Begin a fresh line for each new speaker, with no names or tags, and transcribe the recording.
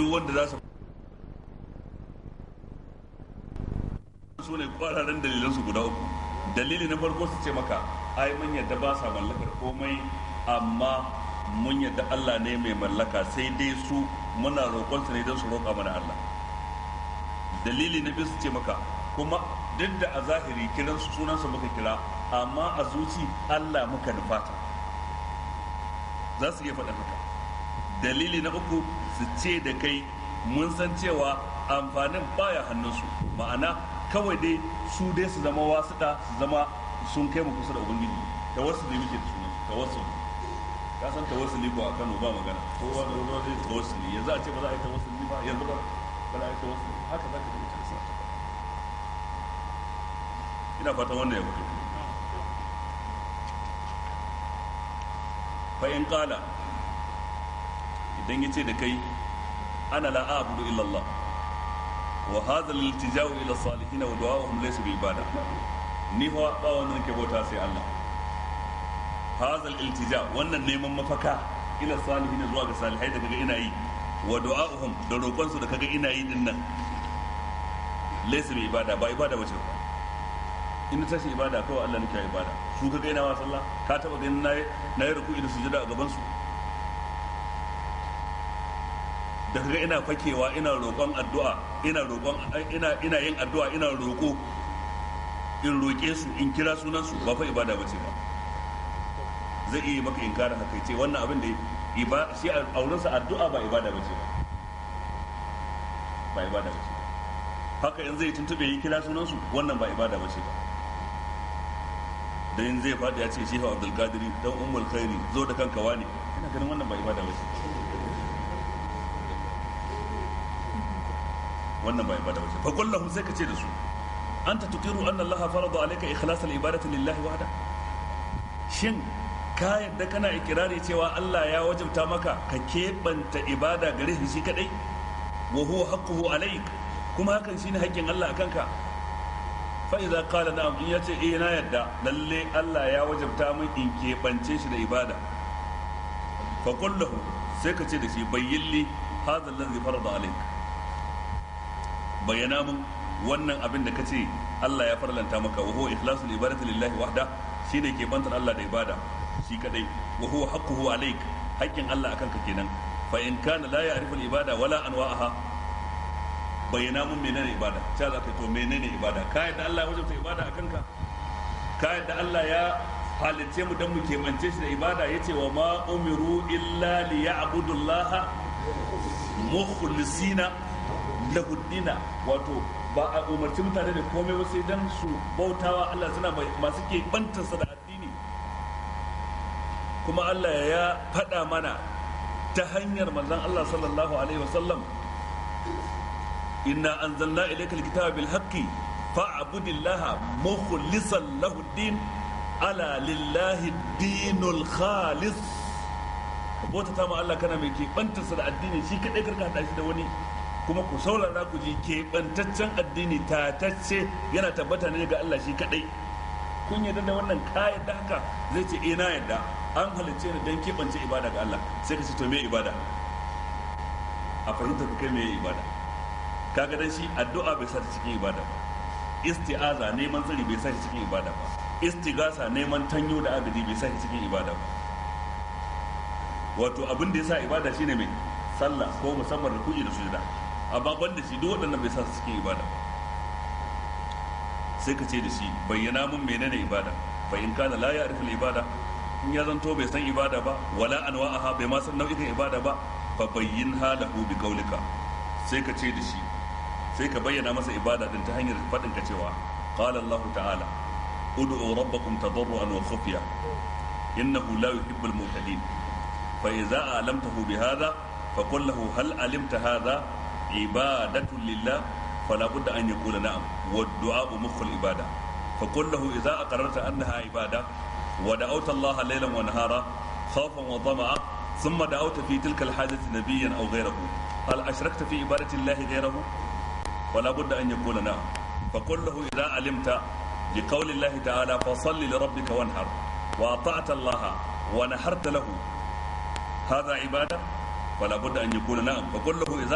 duk wanda za su su ne kwararen dalilan su guda uku dalili na farko su ce maka ai mun yadda ba sa mallakar komai amma mun yadda Allah ne mai mallaka sai dai su muna roƙonsa ne don su roƙa mana Allah dalili na biyu su ce maka kuma duk da a zahiri kiran su muka kira amma a zuci Allah muka nufata za su iya faɗa maka. dalili na uku su ce da kai mun san cewa amfanin baya hannunsu ma'ana kawai dai su dai su zama wasu da su zama sun kai mu kusa da ubangiji ta wasu da muke da sunan ta wasu ka san ta wasu libo a Kano ba magana ko ba da wani ta wasu ne yanzu a ce ba za a yi ta wasu ba yanzu ba ba za a yi ta wasu haka za ka yi ta wasu ina fata wannan ya fito fa in kala dan yace da kai ana la a'budu illa Allah wa hadha al-iltija'u ila salihin wa du'a'uhum laysa bil ibada ni fa ba nan ke bota sai Allah hadha al-iltija wannan neman mafaka ila salihin zuwa ga salihai da kaga ina yi wa du'a'uhum da roƙon su da kaga ina yi din nan laysa bil ibada ba ibada bace ba in tashi ibada kawai Allah nake ibada su kaga ina wa sallah ka taba ganin na yi ruku'i da sujada a gaban su da kaga ina fakewa ina roƙon addu'a ina roƙon ina ina yin addu'a ina roƙo in roƙe su in kira sunan su ba fa ibada bace ba zai iya maka inkarin haka ce wannan abin da iba shi aurensa addu'a ba ibada bace ba ba ibada bace haka in zai tuntube yi kira sunan su wannan ba ibada bace ba dan zai faɗi ya ce shehu abdul qadiri dan ummul khairi zo da kanka wani ina ganin wannan ba ibada bace wannan ba ibada bace fa kullahu sai ka ce da su anta tuqiru anna allaha farada alayka ikhlas al-ibadati lillahi wahda shin ka yadda kana ikirari cewa Allah ya wajabta maka ka keɓanta ibada gare shi kadai wa huwa haqquhu alayk kuma hakan shine haƙƙin Allah akan ka fa idza qala na'am in yace eh na yadda lalle Allah ya wajabta min in keɓance shi da ibada fa qul sai ka ce da shi bayyilli hadha allazi farada alayka bayyana mun wannan abin da kace Allah ya farlanta maka wa huwa ikhlasul ibadati lillahi wahda shine ke bantar Allah da ibada shi kadai wa huwa haqquhu alayk haƙƙin Allah akan ka kenan fa in kana la ya'rifu ibada wala anwa'aha bayyana mun menene ibada ta za ka to menene ibada ka yadda Allah ya wajabta ibada akan ka ka yadda Allah ya halice mu dan mu kebance shi da ibada yace wa ma umiru illa liya'budu Allah mukhlisina lahuddina wato ba a umarci mutane da komai wasu idan dan su bautawa Allah suna masu ke bantarsa da addini kuma Allah ya faɗa mana ta hanyar manzon Allah sallallahu alaihi wasallam inna anzalna ilayka alkitaba bil haqqi fa'budillaha mukhlishan lahu din ala lillahi dinul khalis bauta ta ma Allah kana mai ke bantarsa da addini shi kadai karka hada shi da wani kuma ku saurara ku ji keɓantaccen addini tatacce yana tabbata ne ga Allah shi kaɗai kun yarda da wannan ka yarda haka zai ce ina eh, yarda an halicce ni don keɓance ibada ga Allah sai ka ce to me ibada a fahimta ku kai me ibada kaga dan shi addu'a bai sa cikin ibada ba isti'aza neman tsari bai sa cikin ibada ba istigasa neman tanyo da agaji bai sa cikin ibada ba wato abin da ya sa ibada shine mai sallah ko musamman rukuni da sujada amma ban da shi duk waɗannan bai sa su cikin ibada sai ka ce da shi bayyana mun menene ibada fa in kana la ya arfa ibada in ya zanto bai san ibada ba wala anwa'aha bai ma san nau'ikan ibada ba fa bayyin halahu bi qaulika sai ka ce da shi sai ka bayyana masa ibada din ta hanyar faɗin ka cewa qala Allah ta'ala ud'u rabbakum tadarruan wa khufiya innahu la yuhibbul mu'tadin fa idza alamtahu bi hadha فقل له hal alimta هذا ibadatu a fala budda an yaqula na'am wa du'a mukhul ibada fa qul lahu idza aqarrarta annaha ibada wa da'awta Allah laylan wa nahara khawfan wa tama'a thumma da'awta fi tilka al-hajati nabiyyan aw ghayrahu لقول الله تعالى فصل لربك وانحر الله ونحرت له هذا فلا بد نعم فقل له